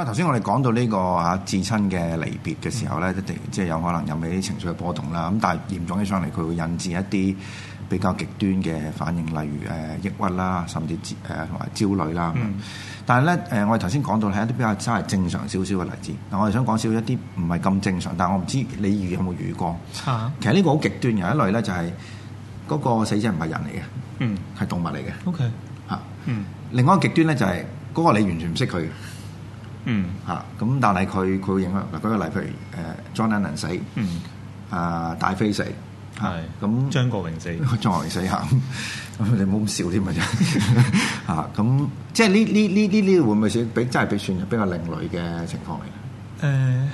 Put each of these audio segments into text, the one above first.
啊！頭先我哋講到呢、這個嚇至親嘅離別嘅時候咧，一定、嗯、即係有可能有啲情緒嘅波動啦。咁但係嚴重起上嚟，佢會引致一啲比較極端嘅反應，例如誒、呃、抑鬱啦，甚至誒同埋焦慮啦。嗯、但係咧誒，我哋頭先講到係一啲比較真係正常少少嘅例子。嗱，我哋想講少少一啲唔係咁正常，但係我唔知你遇有冇遇過。啊、其實呢個好極端有一類咧，就係嗰個死者唔係人嚟嘅，嗯，係動物嚟嘅。O K、嗯。嚇、嗯。另外一個極端咧就係嗰個你完全唔識佢。嗯吓，咁但係佢佢會影響嗱，舉個例，譬如誒莊家能死，嗯啊、呃、大飛死係，咁張是那國榮死，張國榮死吓，咁 你冇咁笑添咪就吓，咁 即係呢呢呢呢呢會唔會少比真係比算比較另類嘅情況嚟嘅？誒、呃、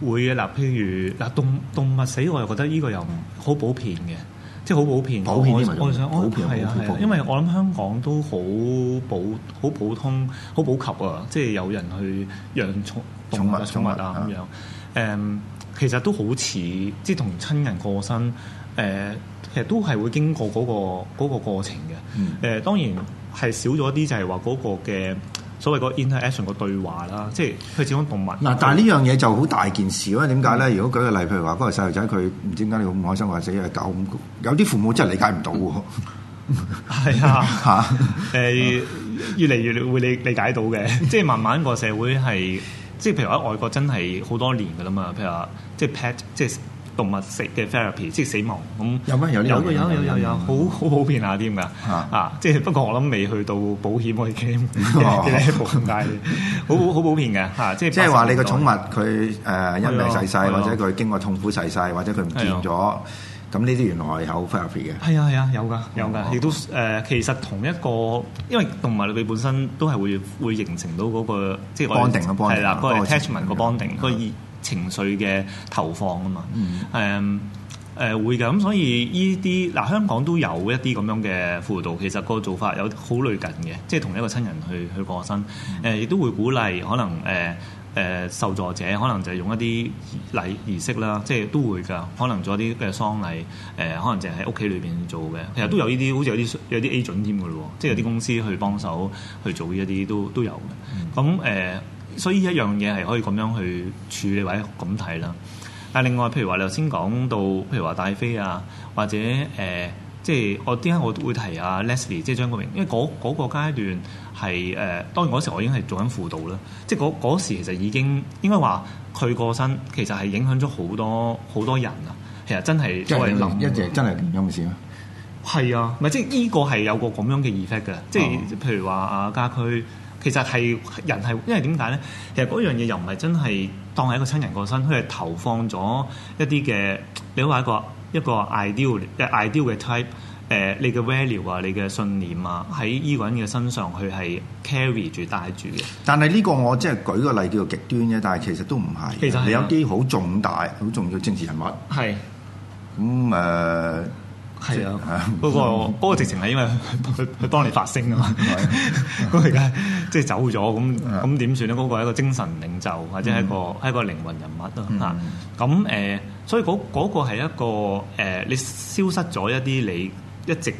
會嘅嗱，譬、呃、如嗱、呃、動動物,動物死，我又覺得呢個又好普遍嘅。嗯即係好普遍，普遍啲咪？我想，普遍我係想啊，係啊，因為我諗香港都好普、好普通、好普及啊，即係有人去養寵物、寵物啊咁物樣。誒、嗯，其實都好似即係同親人過身。誒、呃，其實都係會經過嗰、嗰個嗰、嗰個、過程嘅。誒，嗯、當然係少咗啲，就係話嗰個嘅。所謂個 interaction 個對話啦，即係佢始終動物。嗱，但係呢樣嘢就好大件事，因為點解咧？如果舉個例，譬如話嗰個細路仔佢唔知點解你唔開心，或話死隻狗，有啲父母真係理解唔到喎。係啊，誒、呃，越嚟越會理理解到嘅， 即係慢慢個社會係，即係譬如喺外國真係好多年㗎喇嘛，譬如話即係 pet 即係。動物食嘅 therapy 即死亡，咁有咩有有有有有有好好普遍啊，啲㗎嚇，即係不過我諗未去到保險可以傾咁解，好好普遍嘅嚇，即係即係話你個寵物佢誒一命逝世，或者佢經過痛苦逝世，或者佢唔見咗，咁呢啲原來係有 therapy 嘅。係啊係啊，有㗎有㗎，亦都誒其實同一個，因為動物裏邊本身都係會會形成到嗰個即係 bonding 咯，係啦，佢係 attachment 個 bonding 個情緒嘅投放啊嘛，誒誒、嗯嗯嗯、會㗎，咁所以依啲嗱香港都有一啲咁樣嘅輔導，其實個做法有好類近嘅，即係同一個親人去去過身，誒、呃、亦都會鼓勵可能誒誒、呃呃、受助者可能就係用一啲禮儀式啦，即係都會㗎，可能做一啲嘅喪禮，誒、呃、可能淨係喺屋企裏邊做嘅，其實都有呢啲，嗯、好似有啲有啲 agent 添嘅咯，即係有啲公司去幫手去做呢一啲都都有嘅，咁、嗯、誒。嗯嗯嗯嗯所以一樣嘢係可以咁樣去處理或者咁睇啦。但係另外，譬如話你頭先講到，譬如話戴妃啊，或者誒、呃，即係我點解我都會提啊 Leslie，即係張國榮，因為嗰、那、嗰、個那個階段係誒、呃，當然嗰時我已經係做緊輔導啦。即係嗰時其實已經應該話佢過身，其實係影響咗好多好多人啊。其實真係因為林一直真係唔冇事啊？係啊，咪即係呢個係有個咁樣嘅 effect 嘅。即係譬如話阿家駒。其實係人係，因為點解咧？其實嗰樣嘢又唔係真係當係一個親人過身，佢係投放咗一啲嘅，你話一個一個 ideal ide、呃、ideal 嘅 type，誒你嘅 value 啊、你嘅信念啊，喺依個人嘅身上佢係 carry 住帶住嘅。但係呢個我即係舉個例叫做極端嘅，但係其實都唔係。其實、啊、你有啲好重大、好重要政治人物。係是。咁誒、嗯。Uh 係啊，不過不過直情係因為佢去幫你發聲啊嘛，咁而家即係走咗，咁咁點算咧？嗰、啊嗰個係一個精神領袖或者係一個係、嗯、一個靈魂人物、嗯、啊，咁誒、呃，所以嗰嗰、嗰個係一個誒、呃，你消失咗一啲你一直。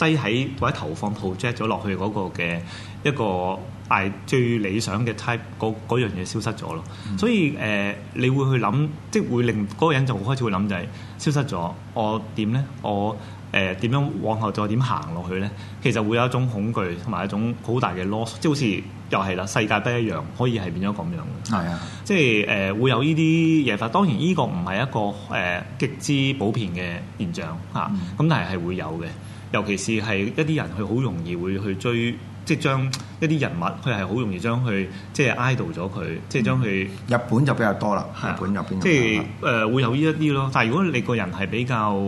擠喺或者投放 project 咗落去嗰個嘅一個，係最理想嘅 type，嗰嗰樣嘢消失咗咯，嗯、所以誒、呃，你會去諗，即係會令嗰個人就開始會諗，就係消失咗，我點咧？我誒點、呃、樣往後再點行落去咧？其實會有一種恐懼同埋一種大 oss, 好大嘅 loss，即係好似又係啦，世界不一樣可以係變咗咁樣。係啊、嗯，即、呃、係，誒會有呢啲嘢發。當然呢個唔係一個，誒、呃、極之普遍嘅現象嚇，咁、啊、但係係會有嘅。尤其是係一啲人，佢好容易會去追，即係將一啲人物，佢係好容易將佢即係 idol 咗佢，即係將佢日本就比較多啦，啊、日本入邊。即係誒、呃、會有依一啲咯，但係如果你個人係比較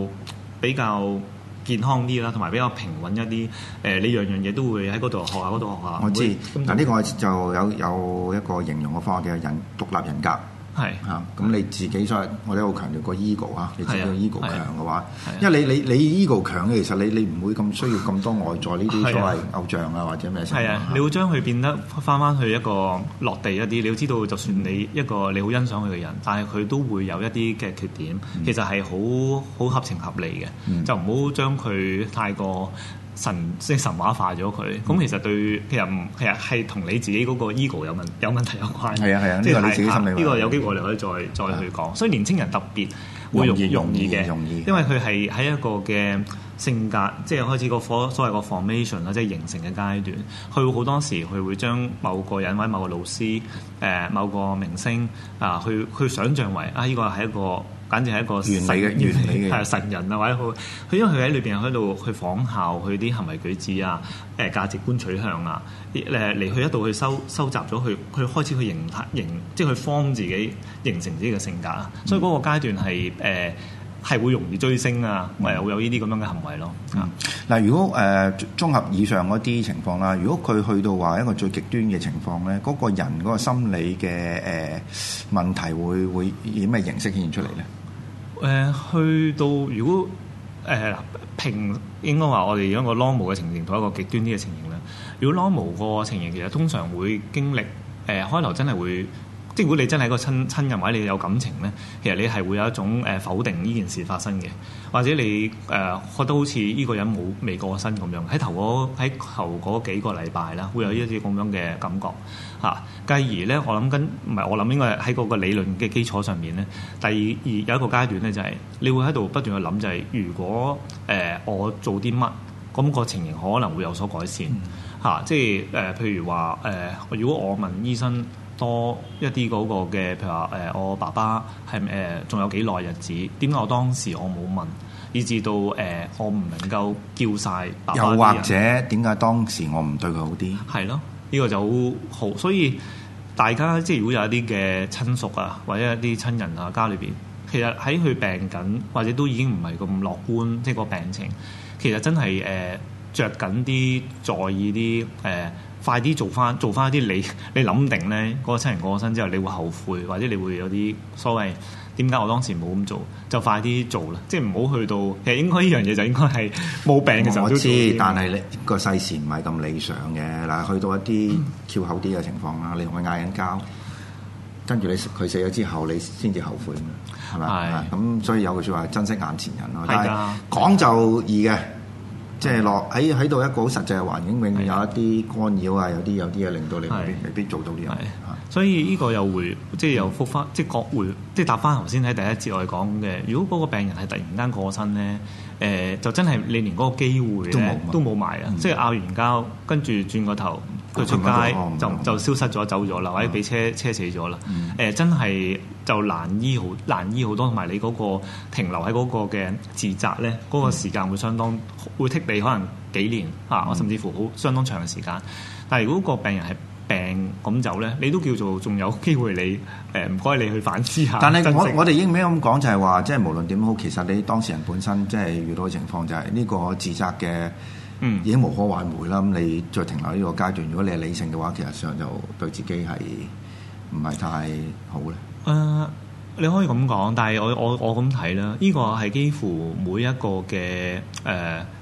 比較健康啲啦，同埋比較平穩一啲，誒、呃、你樣樣嘢都會喺嗰度學下，嗰度學下。我知但呢個就有有一個形容嘅方法，叫人獨立人格。係啊，咁是你自己所以，的我哋好強調個 ego 啊，你自己 ego 強嘅話，因為你你你 ego 強嘅，其實你你唔會咁需要咁多外在呢啲所謂偶像啊或者咩嘢、啊。係啊，你會將佢變得返返去一個落地一啲，你要知道，就算你一個你好欣賞佢嘅人，但係佢都會有一啲嘅缺點，其實係好好合情合理嘅，嗯、就唔好將佢太過。神即神話化咗佢，咁、嗯、其實對其實唔其實係同你自己嗰個 ego 有問有問題有關。係啊係啊，呢個係你自己心理。呢、啊呢個有機會我哋可以再、啊、再去講。所以年青人特別會容容易嘅，因為佢係喺一個嘅性格，即係開始個 for，所謂個 formation 啦，即係形成嘅階段。佢好多時佢會將某個人或者某個老師、誒、呃、某個明星、呃、啊，去去想象為啊，呢個係一個。反正係一個原理嘅原係啊，神人啊，或者佢佢因為佢喺裏邊喺度去仿效佢啲行為舉止啊，誒、呃、價值觀取向啊，誒、呃、離去一度去收收集咗，佢佢開始去形態形，即係去 form 自己形成自己嘅性格啊。所以嗰個階段係誒係會容易追星啊，咪、呃、又、嗯、有呢啲咁樣嘅行為咯。嗱、嗯，如果誒、呃、綜合以上嗰啲情況啦，如果佢去到話一個最極端嘅情況咧，嗰、那個人嗰個心理嘅誒、呃、問題會會以咩形式顯現出嚟咧？誒、呃、去到如果誒嗱、呃、平應該話我哋要一個 normal 嘅情形同一個極端啲嘅情形咧，如果 normal 個情形其實通常會經歷誒、呃、開頭真係會。即如果你真係個親親人或者你有感情咧，其實你係會有一種誒、呃、否定呢件事發生嘅，或者你誒、呃、覺得好似呢個人冇未過身咁樣，喺頭嗰喺頭嗰幾個禮拜咧，會有一啲咁樣嘅感覺嚇、啊。繼而咧，我諗緊唔係我諗應該喺嗰個理論嘅基礎上面咧，第二有一個階段咧就係、是、你會喺度不斷去諗、就是，就係如果誒、呃、我做啲乜，咁、那個情形可能會有所改善嚇、啊。即係誒、呃，譬如話誒、呃，如果我問醫生。多一啲嗰個嘅，譬如話誒、呃，我爸爸係誒，仲、呃、有幾耐日子？點解我當時我冇問，以至到誒、呃、我唔能夠叫曬爸。又或者點解當時我唔對佢好啲？係咯，呢、這個就好好，所以大家即係如果有一啲嘅親屬啊，或者一啲親人啊，家裏邊其實喺佢病緊，或者都已經唔係咁樂觀，即、就、係、是、個病情，其實真係誒、呃、著緊啲，在意啲誒。呃快啲做翻做翻啲你你諗定咧，嗰、嗰個親人過咗身之後，你會後悔，或者你會有啲所謂點解我當時冇咁做？就快啲做啦，即係唔好去到其實應該呢樣嘢就應該係冇病嘅時候都做。我知，但係你個世事唔係咁理想嘅嗱，去到一啲翹口啲嘅情況啦，嗯、你同佢嗌緊交，跟住你佢死咗之後，你先至後悔咁樣，係嘛？咁是所以有句說話珍惜眼前人咯。係噶，講的就易嘅。即係落喺喺度一個好實際嘅環境，永遠有一啲干擾啊，有啲有啲嘢令到你未必，是未必做到呢樣嘢。所以呢個又會、嗯、即係又復翻，即係各會即係答翻頭先喺第一節我哋講嘅。如果嗰個病人係突然間過身咧，誒、呃、就真係你連嗰個機會都冇，都冇埋啊！嗯、即係拗完交，跟住轉個頭，佢出街、嗯、就就消失咗，走咗，或者俾車車死咗啦。誒、嗯呃、真係就難醫好難醫好多，同埋你嗰個停留喺嗰個嘅自責咧，嗰、嗰個時間會相當。會剔你可能幾年啊，甚至乎好相當長嘅時間。但係如果個病人係病咁走咧，你都叫做仲有機會你，誒唔該你去反思下。但係我、嗯、我哋應唔應該咁講就係話，即係無論點好，其實你當事人本身即係遇到嘅情況就係呢個自責嘅，已經無可挽回啦。咁、嗯、你再停留呢個階段，如果你係理性嘅話，其實上就對自己係唔係太好咧。誒、呃。你可以咁講，但係我我我咁睇啦。呢、這個係幾乎每一個嘅誒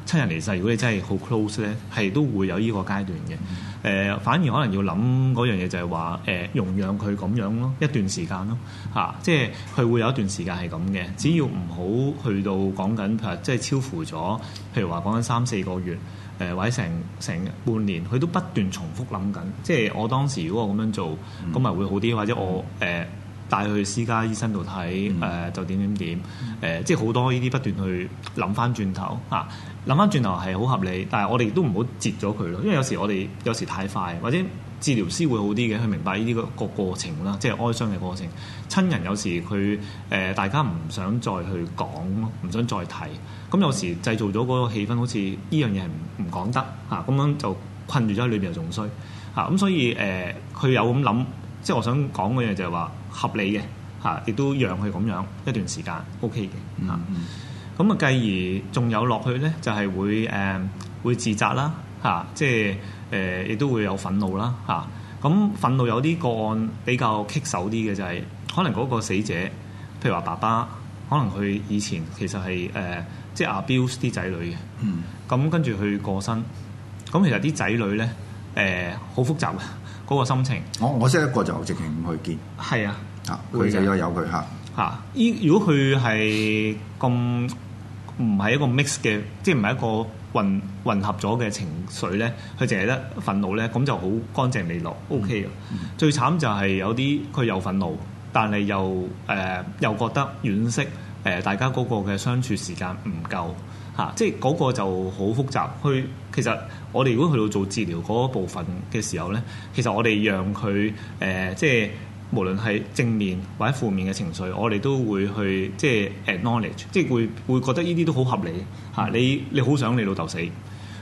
親人離世，如果你真係好 close 咧，係都會有呢個階段嘅。誒、呃，反而可能要諗嗰樣嘢就係話誒容養佢咁樣咯，一段時間咯嚇、啊，即係佢會有一段時間係咁嘅。只要唔好去到講緊，譬如即係超乎咗，譬如話講緊三四個月，誒、呃、或者成成半年，佢都不斷重複諗緊。即係我當時如果我咁樣做，咁咪會好啲，或者我誒。呃帶去私家醫生度睇，誒、嗯呃、就點點點，誒、嗯呃、即係好多呢啲不斷去諗翻轉頭嚇，諗翻轉頭係好合理，但係我哋亦都唔好截咗佢咯，因為有時我哋有時太快，或者治療師會好啲嘅，佢明白呢啲個個過程啦，即係哀傷嘅過程。親人有時佢誒、呃、大家唔想再去講，唔想再提，咁有時製造咗嗰個氣氛，好似呢樣嘢係唔唔講得嚇，咁、啊、樣就困住咗喺裏邊又仲衰嚇咁，所以誒佢、呃、有咁諗，即係我想講嘅嘢就係、是、話。就是合理嘅嚇，亦都讓佢咁樣一段時間，OK 嘅嚇。咁、嗯嗯、啊，繼而仲有落去咧，就係、是、會誒、呃、會自責啦嚇、啊，即係誒亦都會有憤怒啦嚇。咁、啊嗯嗯嗯、憤怒有啲個案比較棘手啲嘅就係、是，可能嗰個死者，譬如話爸爸，可能佢以前其實係誒即係 abuse 啲仔女嘅，咁、嗯嗯、跟住佢過身，咁其實啲仔女咧誒好複雜嘅。嗰個心情，我我識一個就直情唔去見。係啊，佢就由佢嚇嚇。依、啊、如果佢係咁唔係一個 mix 嘅，即係唔係一個混合、就是、是一個混合咗嘅情緒咧，佢淨係得憤怒咧，咁就好乾淨利落，OK 嘅。嗯嗯、最慘就係有啲佢又憤怒，但係又誒、呃、又覺得惋惜。誒、呃、大家嗰個嘅相處時間唔夠嚇，即係嗰個就好複雜。去其實我哋如果去到做治療嗰部分嘅時候咧，其實我哋讓佢誒、呃、即係無論係正面或者負面嘅情緒，我哋都會去即係 acknowledge，即係會會覺得呢啲都好合理嚇、啊。你你好想你老豆死，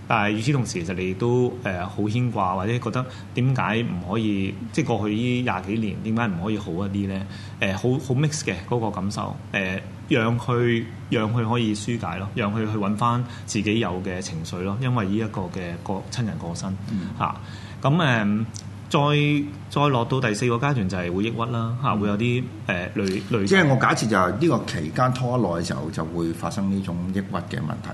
但係與此同時，其實你都誒好、呃、牽掛，或者覺得點解唔可以即係過去呢廿幾年點解唔可以好一啲咧？誒好好 mix 嘅嗰個感受誒。呃讓佢讓佢可以舒解咯，讓佢去揾翻自己有嘅情緒咯，因為呢一個嘅過親人過身嚇，咁誒、嗯啊、再再落到第四個階段就係會抑鬱啦嚇，啊嗯、會有啲誒類類。呃、即係我假設就係呢個期間拖耐嘅時候就會發生呢種抑鬱嘅問題。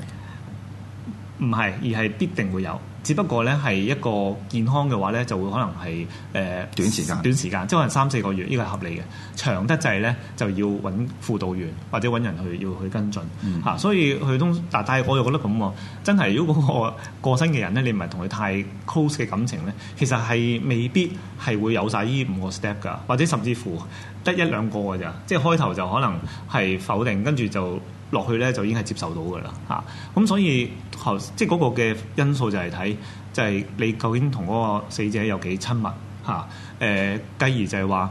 唔係，而係必定會有。只不過咧係一個健康嘅話咧，就會可能係誒、呃、短時間，短時間，即係可能三四個月，呢個係合理嘅。長得滯咧就要揾輔導員或者揾人去要去跟進嚇、嗯啊，所以佢通但係我又覺得咁，真係如果嗰個過身嘅人咧，你唔係同佢太 close 嘅感情咧，其實係未必係會有晒呢五個 step 㗎，或者甚至乎得一兩個㗎咋，即係開頭就可能係否定，跟住就落去咧就已經係接受到嘅啦，嚇、啊！咁所以後即係嗰個嘅因素就係睇，就係、是、你究竟同嗰個死者有幾親密嚇？誒、啊呃，繼而就係話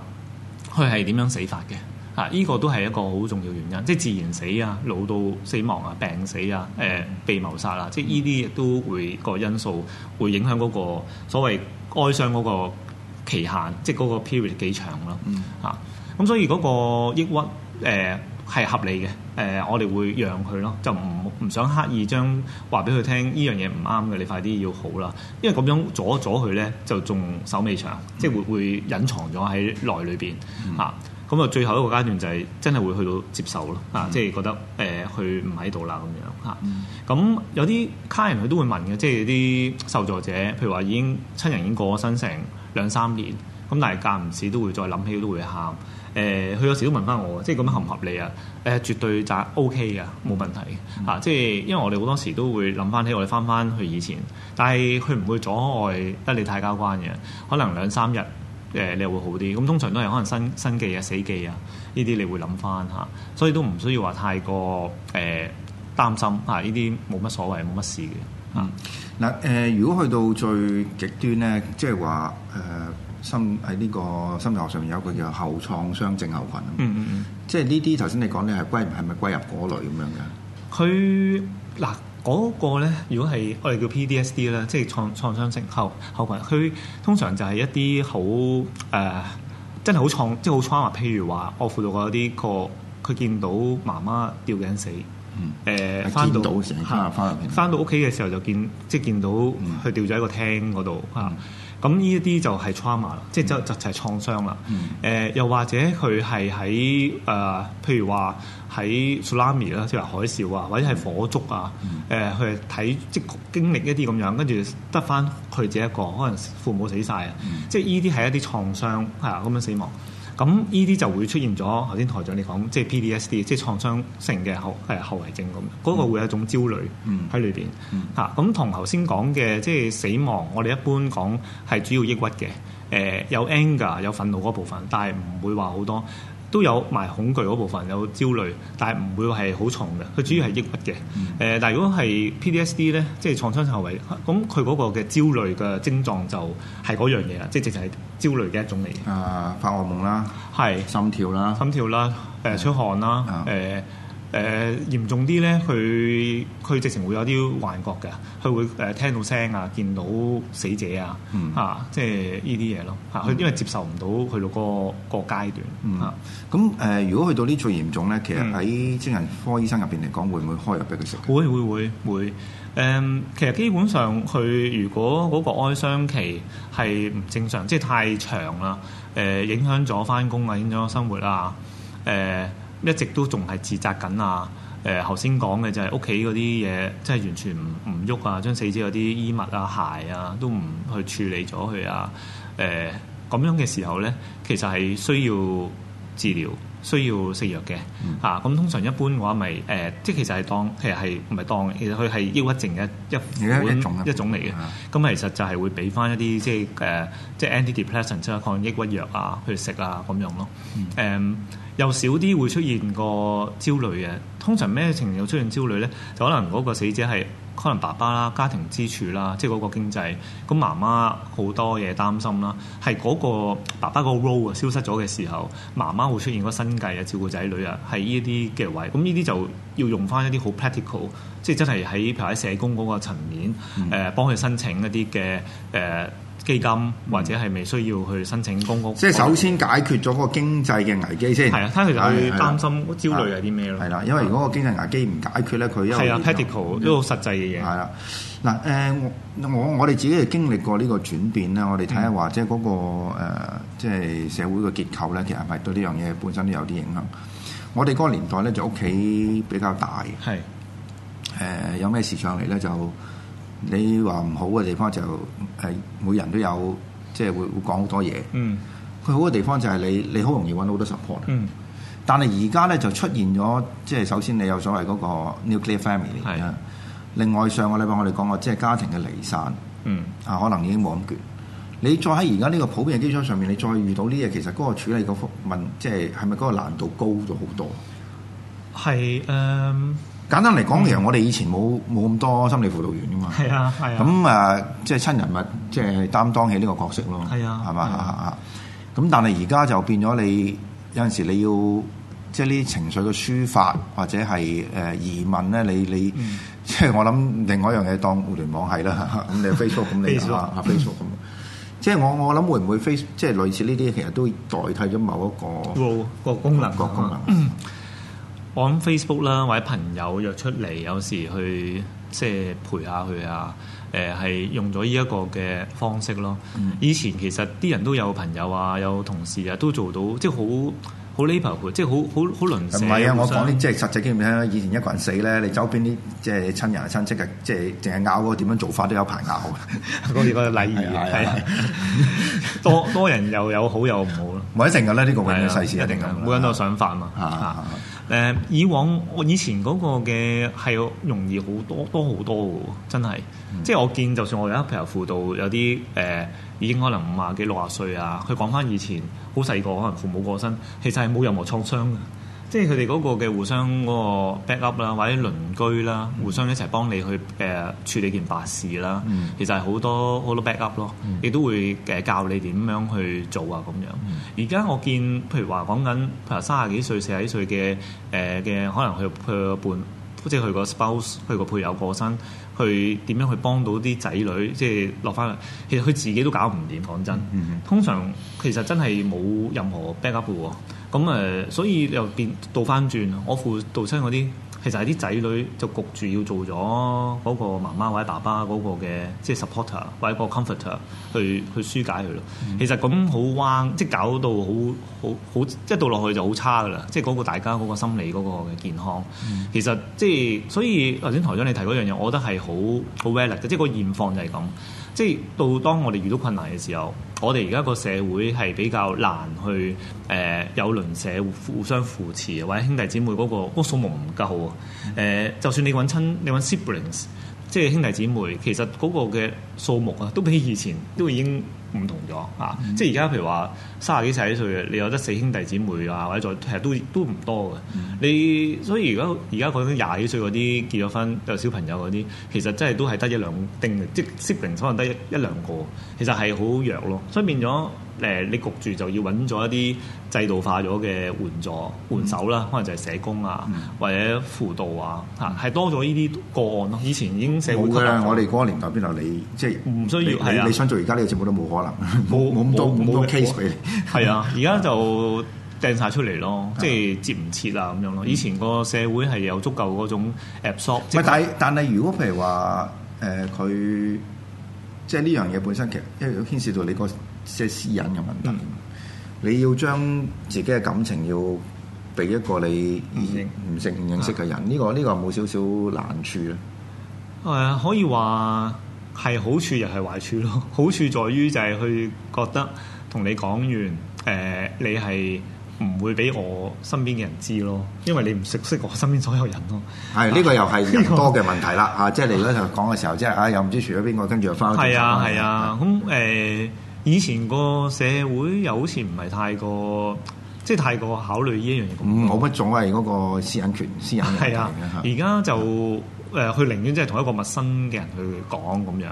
佢係點樣死法嘅嚇？依、啊這個都係一個好重要原因，即係自然死啊、老到死亡啊、病死啊、誒、呃、被謀殺啊，即係依啲都會、嗰個因素會影響嗰個所謂哀傷嗰個期限，即係嗰個 period 幾長咯，嚇、啊！咁、啊、所以嗰個抑鬱誒。呃係合理嘅，誒、呃，我哋會讓佢咯，就唔唔想刻意將話俾佢聽，呢樣嘢唔啱嘅，你快啲要好啦，因為咁樣阻一阻佢咧，就仲手尾長，嗯、即係會會隱藏咗喺內裏邊嚇，咁、嗯、啊最後一個階段就係真係會去到接受咯，啊，嗯、即係覺得誒，佢唔喺度啦咁樣嚇，咁、啊嗯啊、有啲家人佢都會問嘅，即係啲受助者，譬如話已經親人已經過咗身成兩三年，咁但係間唔時都會再諗起都會喊。誒，佢、呃、有時都問翻我，即係咁樣合唔合理啊？誒、呃，絕對就 OK 嘅，冇問題嚇、嗯啊。即係因為我哋好多時都會諗翻起，我哋翻翻去以前。但係佢唔會阻礙得你太交關嘅，可能兩三日誒、呃，你會好啲。咁通常都係可能生生忌啊、死忌啊呢啲，你會諗翻嚇。所以都唔需要話太過誒、呃、擔心嚇。呢啲冇乜所謂，冇乜事嘅。啊、嗯，嗱、呃、誒，如果去到最極端咧，即係話誒。呃心喺呢個心理學上面有一個叫後創傷症候群，嗯嗯嗯，即係呢啲頭先你講咧係歸係咪歸入嗰類咁樣嘅？佢嗱嗰個咧，如果係我哋叫 PDSD 咧，即係創創傷症候候群，佢通常就係一啲好誒，真係好創即係好 trauma。譬如話，我輔導過一啲個，佢、嗯呃、見到媽媽吊緊死，嗯翻到翻是到屋企嘅時候就見、嗯、即係見到佢吊咗喺個廳嗰度嚇。嗯嗯咁呢一啲就係 trauma 啦、嗯，即係就就就係創傷啦。誒、嗯呃，又或者佢係喺誒，譬如話喺 tsunami 啦，即係話海嘯啊，或者係火燭啊。誒、嗯，佢睇、呃、即經歷一啲咁樣，跟住得返佢自己一個，可能父母死晒。啊、嗯。即係呢啲係一啲創傷嚇咁、嗯、樣死亡。咁呢啲就會出現咗，頭先台長你講，即係 PDSD，即係創傷性嘅後誒後遺症咁，嗰、那個會有一種焦慮喺裏邊嚇。咁同頭先講嘅即係死亡，我哋一般講係主要抑鬱嘅，誒、呃、有 anger 有憤怒嗰部分，但係唔會話好多。都有埋恐懼嗰部分，有焦慮，但係唔會係好重嘅。佢主要係抑鬱嘅。誒、嗯呃，但係如果係 PTSD 咧，即係創傷後遺，咁佢嗰個嘅焦慮嘅症狀就係嗰樣嘢啦，即係直情係焦慮嘅一種嚟。啊、呃，發噩夢啦，係是心跳啦，心跳啦，誒、呃，出汗啦，誒、嗯。嗯呃誒、uh, 嚴重啲咧，佢佢直情會有啲幻覺嘅，佢會誒聽到聲啊，見到死者、嗯、啊，啊、就是，即係呢啲嘢咯，啊，佢因為接受唔到佢到嗰個階段、嗯、啊。咁誒、呃，如果去到呢最嚴重咧，其實喺精神科醫生入邊嚟講，會唔會開藥俾佢食？會會會會。誒、嗯，其實基本上佢如果嗰個哀傷期係唔正常，即、就、係、是、太長啦，誒、嗯，影響咗翻工啊，影響咗生活啊，誒、嗯。一直都仲係自責緊啊！誒，頭先講嘅就係屋企嗰啲嘢，即係完全唔唔喐啊！將死者嗰啲衣物啊、鞋啊，都唔去處理咗佢啊！誒，咁樣嘅時候咧，其實係需要治療、需要食藥嘅嚇。咁通常一般嘅話，咪誒，即係其實係當其實係唔係當，其實佢係抑鬱症嘅一一種一種嚟嘅。咁其實就係會俾翻一啲即係誒，即係 antidepressants 啊，抗抑鬱藥啊，去食啊咁樣咯。誒。又少啲會出現個焦慮嘅，通常咩情形有出現焦慮呢？就可能嗰個死者係可能爸爸啦、家庭支柱啦，即係嗰個經濟，咁媽媽好多嘢擔心啦。係嗰個爸爸個 role 消失咗嘅時候，媽媽會出現個生計啊、照顧仔女啊，喺呢啲嘅位。咁呢啲就要用翻一啲好 practical，即係真係喺譬如喺社工嗰個層面，誒幫佢申請一啲嘅誒。呃基金或者係未需要去申請公屋？即係首先解決咗嗰個經濟嘅危機先。係啊，睇佢哋會擔心的焦慮係啲咩咯？係啦，因為如果個經濟危機唔解決咧，佢係啊，practical 都好實際嘅嘢。係啦，嗱、呃、誒，我我哋自己係經歷過呢個轉變咧，我哋睇下話，即係嗰個、誒即係社會嘅結構咧，其實係對呢樣嘢本身都有啲影響。我哋嗰個年代咧，就屋企比較大，係誒的、呃、有咩事上嚟咧就。你話唔好嘅地方就係每人都有，即係會會講好多嘢。嗯，佢好嘅地方就係你你好容易揾到好多 support。嗯，但係而家咧就出現咗，即係首先你有所謂嗰個 nuclear family 啊是。另外上個禮拜我哋講過，即係家庭嘅離散。嗯，啊可能已經冇咁攰。你再喺而家呢個普遍嘅基礎上面，你再遇到呢嘢，其實嗰個處理個覆問，即係係咪嗰個難度高咗好多？係誒。Um 簡單嚟講，其實我哋以前冇冇咁多心理輔導員噶嘛。係啊，係啊。咁誒，即係親人物，即係擔當起呢個角色咯。係啊，係嘛啊。咁但係而家就變咗你有陣時你要即係呢啲情緒嘅抒發，或者係誒疑問咧，你你即係我諗另外一樣嘢，當互聯網係啦。咁你 Facebook 咁你啊 Facebook 咁，即係我我諗會唔會即係類似呢啲，其實都代替咗某一個個功能個功能。我諗 Facebook 啦，或者朋友約出嚟，有時去即係陪下佢啊。誒，係用咗呢一個嘅方式咯。以前其實啲人都有朋友啊，有同事啊，都做到即係好好 l 即係好好好鄰。唔係啊，我講啲即係實際經驗啦。以前一個人死咧，你周邊啲即係親人啊、親戚啊，即係淨係拗嗰個點樣做法都有排拗嘅。我哋個禮儀係多多人又有好有唔好咯。唔係一定嘅咧，呢個咁嘅事一定嘅，每個人都有想法嘛。啊啊誒，以往我以前嗰個嘅係容易好多多好多嘅，真係，嗯、即係我見，就算我有一譬如輔導有啲誒、呃、已經可能五啊幾六啊歲啊，佢講翻以前好細個可能父母過身，其實係冇任何創傷嘅。即係佢哋嗰個嘅互相嗰個 back up 啦，或者鄰居啦，互相一齊幫你去誒處理件白事啦，其實係好多好多 back up 咯，亦都會誒教你點樣去做啊咁樣。而家我見譬如話講緊，譬如三十幾歲、四十幾歲嘅誒嘅，可能佢佢個伴，即係佢個 spouse，佢個配偶過身，去點樣去幫到啲仔女，即係落翻嚟。其實佢自己都搞唔掂，講真。通常其實真係冇任何 back up 喎。咁誒、嗯，所以又變倒翻轉，我父、父、親嗰啲，其實係啲仔女就焗住要做咗嗰個媽媽或者爸爸嗰個嘅，即係 supporter 或者個 comforter 去去疏解佢咯。其實咁好彎，即係搞到好好好，一到落去就好差噶啦。即係嗰個大家嗰個心理嗰個嘅健康。嗯、其實即係所以頭先台長你提嗰樣嘢，我覺得係好好 valid 嘅，即係個現況就係咁。即係到當我哋遇到困難嘅時候。我哋而家個社會係比較難去誒、呃、有鄰舍互，互相扶持或者兄弟姊妹嗰、那個數、哦、目唔夠喎，誒、呃、就算你搵親你搵 siblings，即係兄弟姊妹，其實嗰個嘅數目啊，都比以前都已經。唔同咗啊！嗯、即係而家譬如話三十幾、四十歲嘅，你有得四兄弟姊妹啊，或者再其實都都唔多嘅。嗯、你所以而家講緊廿幾歲嗰啲結咗婚有小朋友嗰啲，其實真係都係得一兩丁，即係 sibling 可能得一兩個，其實係好弱咯。所以變咗。嗯誒，你焗住就要揾咗一啲制度化咗嘅援助援手啦，可能就係社工啊，或者輔導啊，嚇係多咗呢啲個案咯。以前已經社會冇㗎啦。我哋嗰個年代邊度你即係唔需要係啊？你想做而家呢個節目都冇可能，冇冇咁多咁多 case 俾你係啊。而家就掟晒出嚟咯，即係接唔切啊咁樣咯。以前個社會係有足夠嗰種 absorb 喂，但係但係如果譬如話誒，佢即係呢樣嘢本身其實因為牽涉到你個。即係私隱嘅問題，嗯、你要將自己嘅感情要俾一個你認識唔認識嘅人，呢的、呢個呢、呢個冇少少難處咯。誒、呃，可以話係好處又係壞處咯。好處在於就係去覺得同你講完，誒、呃，你係唔會俾我身邊嘅人知咯，因為你唔識識我身邊所有人咯。係呢個又係人多嘅問題啦。嚇，即係你嗰陣講嘅時候，即係啊，又唔知除咗邊個跟住又翻。係啊，係啊，咁誒。以前個社會又好似唔係太過即係、就是、太過考慮呢一樣嘢咁，冇乜、嗯，總係嗰個私隱權、私隱嘅。係啊，而家、嗯、就誒，佢、呃、寧願即係同一個陌生嘅人去講咁樣，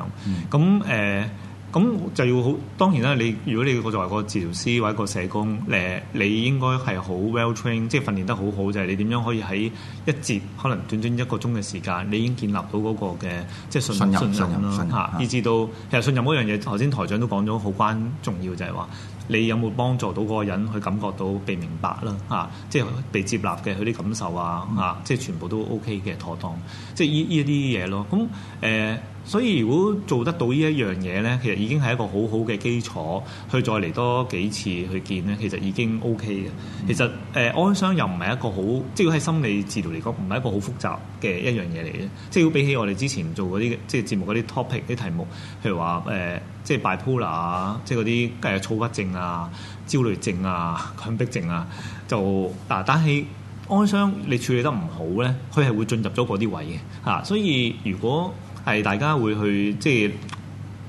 咁、嗯、誒。咁就要好，當然啦。你如果你作為個治療師或者個社工，誒，你應該係好 well trained，e d 即係訓練得好好，就係、是、你點樣可以喺一節可能短短一個鐘嘅時，時間，你已經建立到嗰個嘅即係信任信任啦嚇。信任啊、以至到、嗯嗯、其實信任嗰樣嘢，頭先台長都講咗好關重要，就係、是、話你有冇幫助到嗰個人去感覺到被明白啦嚇、啊，即係被接納嘅佢啲感受啊嚇、啊，即係全部都 OK 嘅妥當，即係依依一啲嘢咯。咁、啊、誒。呃呃所以如果做得到一呢一樣嘢咧，其實已經係一個好好嘅基礎，去再嚟多幾次去見咧，其實已經 OK 嘅。嗯、其實誒，哀、呃、傷又唔係一個好，即係喺心理治療嚟講，唔係一個好複雜嘅一樣嘢嚟嘅。即係比起我哋之前做嗰啲即係節目嗰啲 topic 啲題目，譬如話誒、呃，即係 bipolar 啊，即係嗰啲誒躁鬱症啊、焦慮症啊、強迫症啊，就嗱、啊，但係哀傷你處理得唔好咧，佢係會進入咗嗰啲位嘅嚇、啊。所以如果係大家會去即係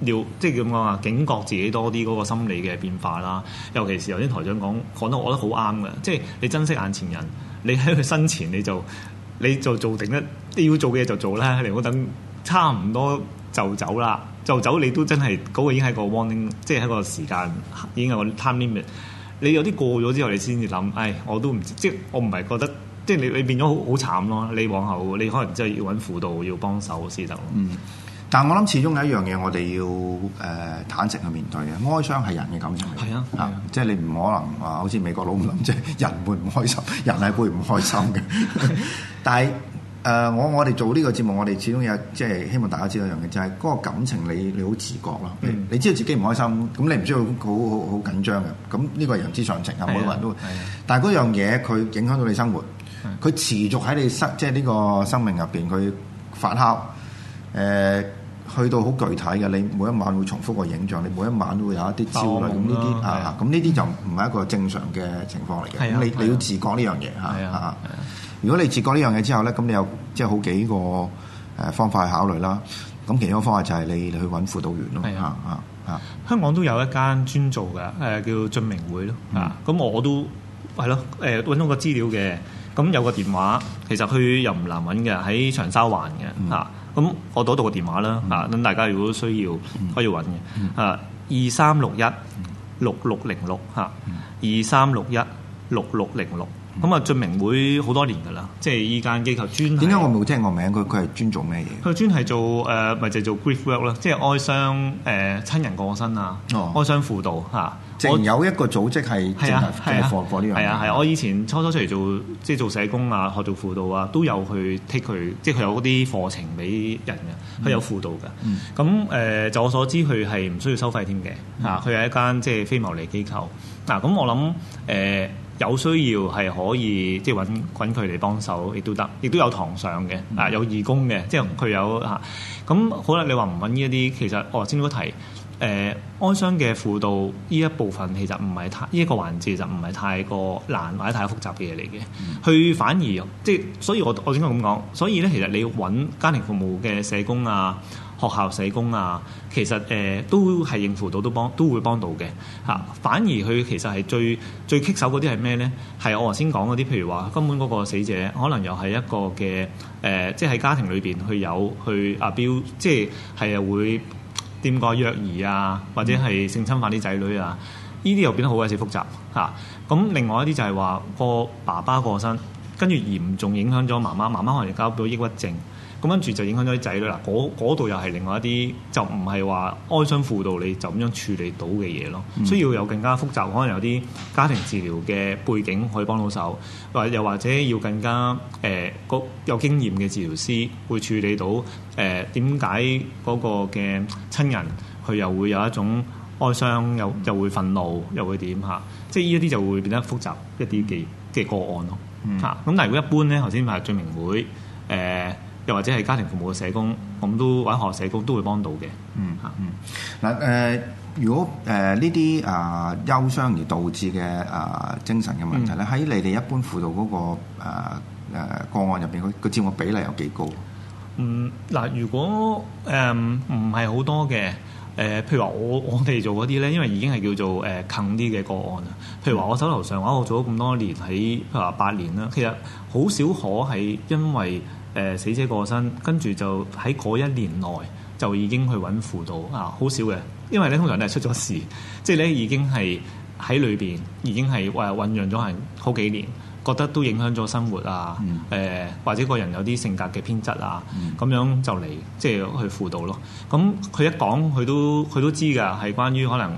要即係點講啊？警覺自己多啲嗰個心理嘅變化啦。尤其是頭先台長講講得我覺得好啱嘅，即係你珍惜眼前人，你喺佢身前你就你就做定得，要做嘅嘢就做啦。你唔好等差唔多就走啦，就走你都真係嗰個已經係個 warning，即係喺個時間已經係個 time limit。你有啲過咗之後，你先至諗，唉，我都唔知，即係我唔係覺得。即係你你變咗好好慘咯！你往後你可能真係要揾輔導，要幫手先得。嗯，但係我諗始終有一樣嘢，我哋要誒坦誠去面對嘅，哀傷係人嘅感情嚟。係、嗯、啊，啊即係你唔可能話好似美國佬咁諗，即係、嗯、人會唔開心，人係會唔開心嘅。 但係誒、呃，我我哋做呢個節目，我哋始終有即係希望大家知道一樣嘢，就係、是、嗰個感情你你好自覺咯。你，嗯、你知道自己唔開心，咁你唔需要好好好緊張嘅。咁呢個人之常情啊，每個人都。會但係嗰樣嘢佢影響到你生活。佢持續喺你生，即係呢個生命入邊，佢發酵誒、欸，去到好具體嘅。你每一晚會重複個影像，你每一晚都會有一啲焦慮咁。呢啲、嗯、啊，咁呢啲就唔係一個正常嘅情況嚟嘅。咁你你要自覺呢樣嘢嚇。如果你自覺呢樣嘢之後咧，咁你有即係好幾個誒方法去考慮啦。咁其中一個方法就係你去揾輔導員啊嘛嚇嚇嚇。香港都有一間專做嘅誒，叫俊明會咯啊。咁我都係咯誒，揾到個資料嘅。咁有個電話，其實佢又唔難揾嘅，喺長沙灣嘅嚇。咁、嗯啊、我度嗰度個電話啦嚇，咁、嗯、大家如果需要可以揾嘅，誒二三六一六六零六嚇，二三六一六六零六。咁啊，俊明、嗯、會好多年噶啦，即係依間機構專，點解我冇聽過名？佢佢係專做咩嘢？佢專係做誒，咪、呃、就係、做 grief work 咯，即係哀傷誒親人過身啊，哀傷、哦、輔導嚇。我有一個組織係正正做呢樣嘢。係啊係啊，啊，啊，啊，我以前初初出嚟做即係做社工啊，學做輔導啊，都有去 take 佢，即係佢有嗰啲課程俾人嘅，佢有輔導嘅。咁誒、嗯嗯呃，就我所知，佢係唔需要收費添嘅嚇。佢係、嗯嗯、一間即係非牟利機構嗱。咁、啊、我諗誒。呃呃有需要係可以即係揾佢嚟幫手亦都得，亦都有堂上嘅、嗯、啊，有義工嘅，即係佢有嚇。咁、啊、好啦，你話唔揾呢一啲，其實哦，我先都提誒哀傷嘅輔導呢一部分其實唔係太呢一、呢個環節，就唔係太過難或者太複雜嘅嘢嚟嘅。佢、嗯、反而即係所以，我我點解咁講？所以咧，其實你要揾家庭服務嘅社工啊。學校社工啊，其實誒、呃、都係應付到，都幫都會幫到嘅嚇、啊。反而佢其實係最最棘手嗰啲係咩咧？係我頭先講嗰啲，譬如話根本嗰個死者可能又係一個嘅誒、呃，即係喺家庭裏邊佢有去阿標、啊，即係係會掂過虐兒啊，或者係性侵犯啲仔女啊，呢啲、嗯、又變得好鬼死複雜嚇。咁、啊、另外一啲就係話個爸爸過身，跟住嚴重影響咗媽媽，媽媽可能又交到抑鬱症。咁跟住就影響咗啲仔女啦。嗰度又係另外一啲，就唔係話哀傷輔導你就咁樣處理到嘅嘢咯，需、嗯、要有更加複雜，可能有啲家庭治療嘅背景可以幫到手，或又或者要更加誒個、呃、有經驗嘅治療師會處理到誒點解嗰個嘅親人佢又會有一種哀傷，嗯、又又會憤怒，又會點嚇？即係呢一啲就會變得複雜一啲嘅嘅個案咯嚇。咁、嗯、但係如果一般咧，頭先係追名會誒。呃又或者係家庭服務嘅社工，咁都學校社工都會幫到嘅。嗯嚇，嗯、嗱誒，如果誒呢啲啊憂傷而導致嘅啊精神嘅問題咧，喺、嗯、你哋一般輔導嗰個誒誒個案入邊，個個佔嘅比例有幾高？嗯嗱，如果誒唔係好多嘅誒，譬如話我我哋做嗰啲咧，因為已經係叫做誒近啲嘅個案啊。譬如話我手頭上話，我做咗咁多年，喺譬如話八年啦，其實好少可係因為。誒、呃、死者過身，跟住就喺嗰一年內就已經去揾輔導啊，好少嘅，因為咧通常都係出咗事，即係咧已經係喺裏邊已經係誒醖釀咗係好幾年。覺得都影響咗生活啊，誒、嗯呃、或者個人有啲性格嘅偏執啊，咁、嗯、樣就嚟即係去輔導咯。咁、嗯、佢一講佢都佢都知㗎，係關於可能誒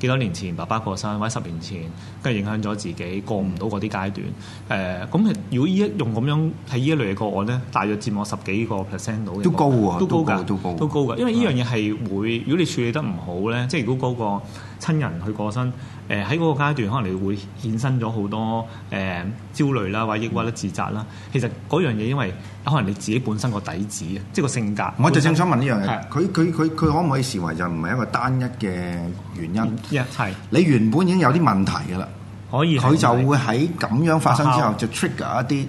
幾、呃、多年前爸爸過身或者十年前，跟住影響咗自己過唔到嗰啲階段。誒、呃、咁，如果依一用咁樣睇呢一類嘅個案咧，大約佔我十幾個 percent 到嘅。都高啊！都高㗎！都高！都高㗎！因為呢樣嘢係會，如果你處理得唔好咧，即係如果嗰個。親人去過身，誒喺嗰個階段，可能你會衍生咗好多誒、呃、焦慮啦，或者抑鬱啦、自責啦。其實嗰樣嘢，因為可能你自己本身個底子嘅，即係個性格。我就正想問呢樣嘢，佢佢佢佢可唔可以視為就唔係一個單一嘅原因？一係你原本已經有啲問題㗎啦，可以。佢就會喺咁樣發生之後，的就 trigger 一啲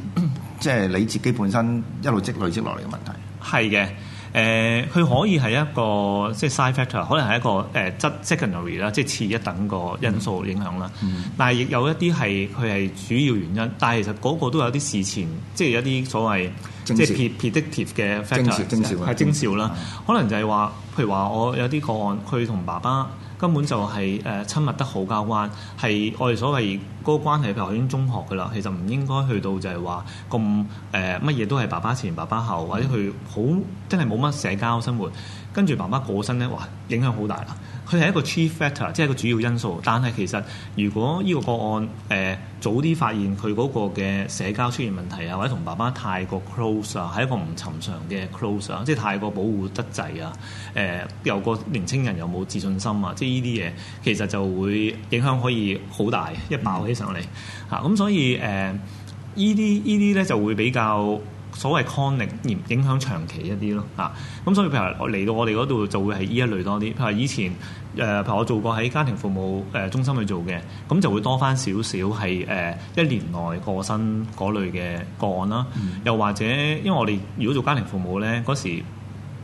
即係你自己本身一路積累積落嚟嘅問題。係嘅。誒，佢、呃、可以係一個即係 side factor，可能係一個誒質、呃、secondary 啦，即係次一等個因素影響啦。嗯、但係亦有一啲係佢係主要原因，但係其實嗰個都有啲事前，即係有啲所謂事即係 predictive 嘅 factor，係徵兆啦。事可能就係話，譬如話我有啲個案，佢同爸爸。根本就係誒親密得好交關，係我哋所謂嗰個關係。譬如我已經中學㗎啦，其實唔應該去到就係話咁誒乜嘢都係爸爸前爸爸後，或者佢好真係冇乜社交生活，跟住爸爸過身咧，哇，影響好大啦～佢係一個 chief factor，即係一個主要因素。但係其實如果呢個個案誒、呃、早啲發現佢嗰個嘅社交出現問題啊，或者同爸爸太過 close 啊，係一個唔尋常嘅 close 啊，即係太過保護得滯啊。誒、呃，由個年青人有冇自信心啊，即係呢啲嘢其實就會影響可以好大一爆起上嚟嚇。咁、嗯啊、所以誒，呢、呃、啲呢啲咧就會比較。所謂抗力，而影響長期一啲咯，啊，咁所以譬如嚟到我哋嗰度就會係呢一類多啲。譬如以前，誒、呃，譬如我做過喺家庭服務誒、呃、中心去做嘅，咁就會多翻少少係誒一年內過身嗰類嘅個案啦。嗯、又或者，因為我哋如果做家庭服務咧，嗰時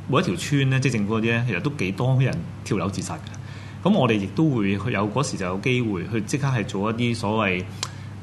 每一條村咧，嗯、即係政府嗰啲咧，其實都幾多人跳樓自殺嘅。咁我哋亦都會有嗰時就有機會去即刻係做一啲所謂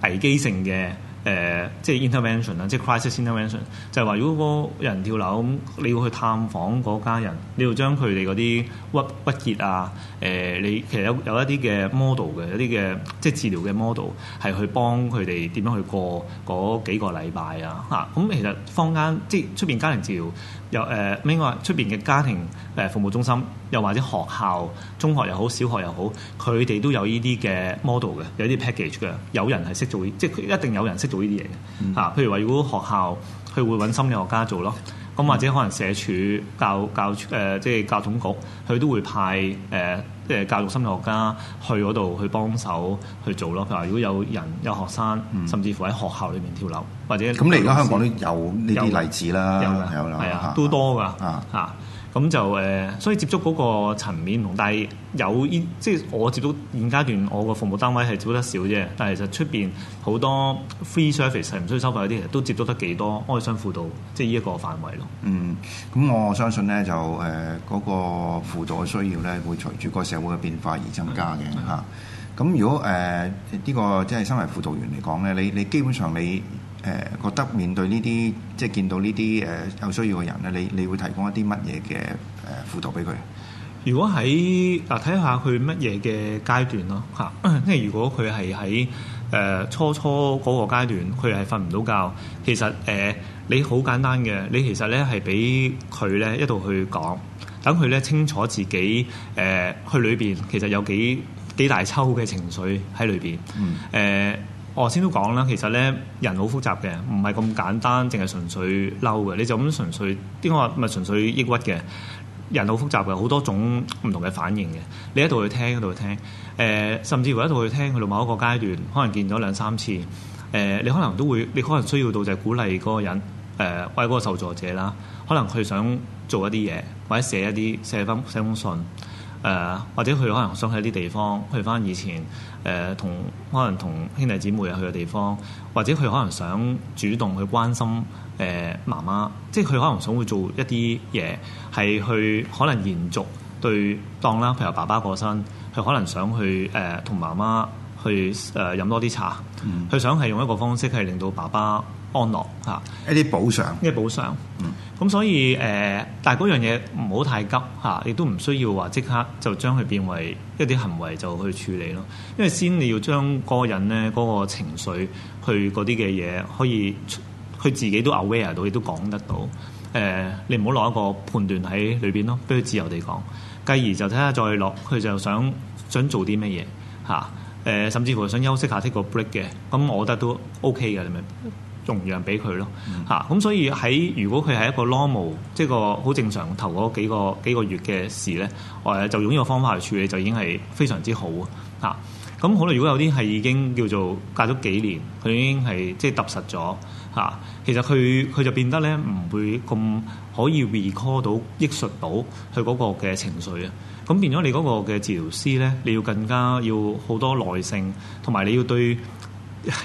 危機性嘅。誒、呃，即係 intervention 啦，即係 crisis intervention，就係話如果個人跳樓咁，你要去探訪嗰家人，你要將佢哋嗰啲鬱鬱結啊，誒、呃，你其實有有一啲嘅 model 嘅，一啲嘅即係治療嘅 model 係去幫佢哋點樣去過嗰幾個禮拜啊，嚇、啊，咁、嗯、其實坊間即係出邊家庭治療。有誒，另、呃、外出邊嘅家庭誒、呃、服務中心，又或者學校、中學又好、小學又好，佢哋都有呢啲嘅 model 嘅，有啲 package 嘅，有人係識做呢，即係佢一定有人識做呢啲嘢嘅吓，譬如話如果學校佢會揾心理學家做咯。咁或者可能社署、教教誒、呃、即係教統局，佢都會派誒即係教育心理學家去嗰度去幫手去做咯。譬如話，如果有人有學生，嗯、甚至乎喺學校裏面跳樓，或者咁、嗯司，你而家香港都有呢啲例子啦，有啦，有啦，係啊的，都多㗎啊啊！咁就誒，所以接觸嗰個層面同，但係有依即係我接觸現階段我個服務單位係接觸得少啫。但係其實出邊好多 free service 係唔需要收費啲，其實都接觸得幾多哀傷輔導，即係依一個範圍咯。嗯，咁我相信咧就誒嗰、呃嗰個輔導嘅需要咧，會隨住個社會嘅變化而增加嘅嚇。咁、嗯嗯啊、如果誒呢、呃呢個即係身為輔導員嚟講咧，你你基本上你。誒覺得面對呢啲即係見到呢啲誒有需要嘅人咧，你你會提供一啲乜嘢嘅誒輔導俾佢？如果喺嗱，睇下佢乜嘢嘅階段咯嚇，即係、啊、如果佢係喺誒初初嗰個階段，佢係瞓唔到覺，其實誒、呃、你好簡單嘅，你其實咧係俾佢咧一度去講，等佢咧清楚自己誒、呃、去裏邊其實有幾幾大抽嘅情緒喺裏邊，誒、嗯。呃我先都講啦，其實咧人好複雜嘅，唔係咁簡單，淨係純粹嬲嘅，你就咁純粹點講話咪純粹抑鬱嘅？人好複雜嘅，好多種唔同嘅反應嘅。你一度去聽，一度去聽，誒、呃，甚至乎一度去聽，去到某一個階段，可能見咗兩三次，誒、呃，你可能都會，你可能需要到就係鼓勵嗰個人，誒、呃，為嗰個受助者啦，可能佢想做一啲嘢，或者寫一啲寫翻寫封信。誒、呃、或者佢可能想去一啲地方，去翻以前誒同、呃、可能同兄弟姊妹去嘅地方，或者佢可能想主動去關心誒媽媽，即係佢可能想會做一啲嘢係去可能延續對當啦，譬如爸爸過身，佢可能想去誒同媽媽去誒飲、呃、多啲茶，佢、嗯、想係用一個方式係令到爸爸安樂嚇一啲補償，一啲補償，嗯咁，所以誒、呃，但係嗰樣嘢唔好太急嚇，亦都唔需要話即刻就將佢變為一啲行為就去處理咯。因為先你要將嗰個人咧嗰、嗰個情緒，佢嗰啲嘅嘢可以，佢自己都 aware 到，亦都講得到。誒、呃，你唔好攞一個判斷喺裏邊咯，俾佢自由地講，繼而就睇下再落佢就想想做啲乜嘢嚇。誒、啊呃，甚至乎想休息下 take 個 break 嘅，咁我覺得都 OK 嘅，你咪。嗯容讓俾佢咯嚇，咁、嗯啊、所以喺如果佢係一個 normal，即係個好正常頭嗰幾個幾個月嘅事咧，誒就用呢個方法去處理就已經係非常之好啊嚇。咁可能如果有啲係已經叫做隔咗幾年，佢已經係即係踏實咗嚇、啊，其實佢佢就變得咧唔會咁可以 recall 到抑鬱到佢嗰個嘅情緒啊。咁變咗你嗰個嘅治療師咧，你要更加要好多耐性，同埋你要對。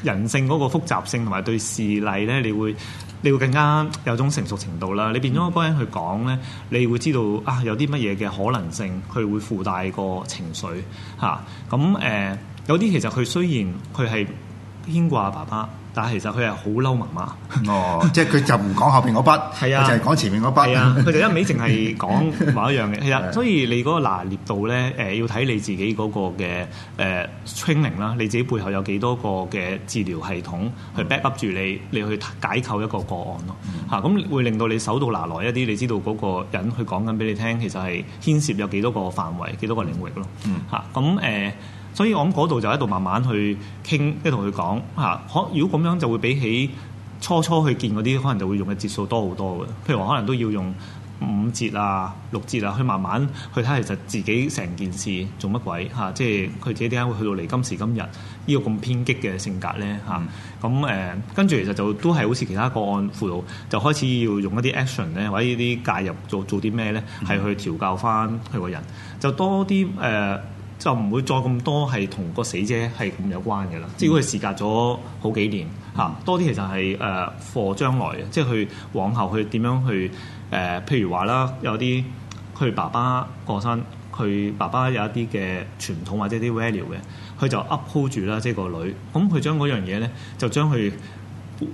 人性嗰個複雜性同埋對事例咧，你會你會更加有種成熟程度啦。你變咗個人去講咧，你會知道啊，有啲乜嘢嘅可能性，佢會附帶個情緒嚇。咁、啊、誒、呃，有啲其實佢雖然佢係牽掛爸爸。但係其實佢係好嬲媽媽，哦，即係佢就唔講後邊嗰筆，啊，就係講前面嗰筆，啊，佢就一味淨係講某一樣嘅。其實、 啊，所以你嗰個拿捏度咧，誒、呃，要睇你自己嗰個嘅誒 training 啦，你自己背後有幾多個嘅治療系統去 back up 住你，你去解構一個個案咯，嚇、嗯，咁、啊、會令到你手到拿來一啲，你知道嗰個人去講緊俾你聽，其實係牽涉有幾多個範圍，幾多個領域咯，嗯、啊，嚇、啊，咁、啊、誒。啊啊啊所以我諗嗰度就喺度慢慢去傾，即係同佢講吓。可如果咁樣就會比起初初去見嗰啲，可能就會用嘅節數多好多嘅。譬如話，可能都要用五節啊、六節啊，去慢慢去睇，其實自己成件事做乜鬼嚇？即係佢自己點解會去到嚟今時今日呢個咁偏激嘅性格咧嚇？咁、啊、誒、嗯嗯，跟住其實就都係好似其他個案輔導，就開始要用一啲 action 咧，或者啲介入做做啲咩咧，係去調教翻佢個人，嗯、就多啲誒。呃就唔會再咁多係同個死者係咁有關嘅啦，即係如果佢時隔咗好幾年嚇、嗯啊、多啲，其實係誒 for 將來嘅，即係佢往後佢點樣去誒、呃，譬如話啦，有啲佢爸爸過身，佢爸爸有一啲嘅傳統或者啲 value 嘅，佢就 uphold 住啦，即係個女，咁佢將嗰樣嘢咧就將佢。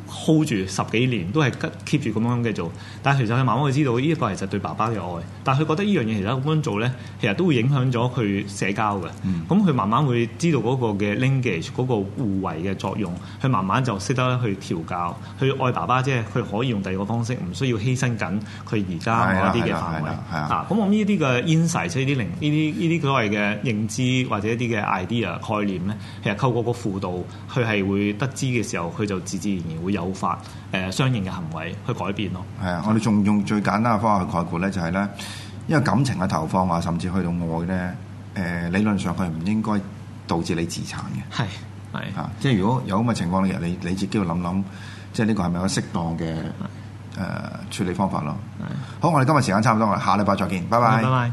hold 住十幾年都係 keep 住咁樣繼續做，但係其實佢慢慢會知道呢一個其實對爸爸嘅愛，但係佢覺得呢樣嘢其實咁樣做咧，其實都會影響咗佢社交嘅。咁佢、嗯、慢慢會知道嗰個嘅 language 嗰個互為嘅作用，佢慢慢就識得去調教，去愛爸爸，即係佢可以用第二個方式，唔需要犧牲緊佢而家嗰啲嘅範圍。啊，咁我呢啲嘅 insight，即呢啲零呢啲呢啲所謂嘅認知或者一啲嘅 idea 概念咧，其實透過個輔導，佢係會得知嘅時候，佢就自自然。會誘發誒、呃、相應嘅行為去改變咯。係啊的，的我哋仲用最簡單嘅方法去概括咧，就係、是、咧，因為感情嘅投放話，甚至去到愛咧，誒、呃、理論上佢唔應該導致你自殘嘅。係係啊，即係如果有咁嘅情況，你你你自己要諗諗，即係呢個係咪一個適當嘅誒的、呃、處理方法咯？的好，我哋今日時間差唔多啦，下禮拜再見，拜拜。拜拜。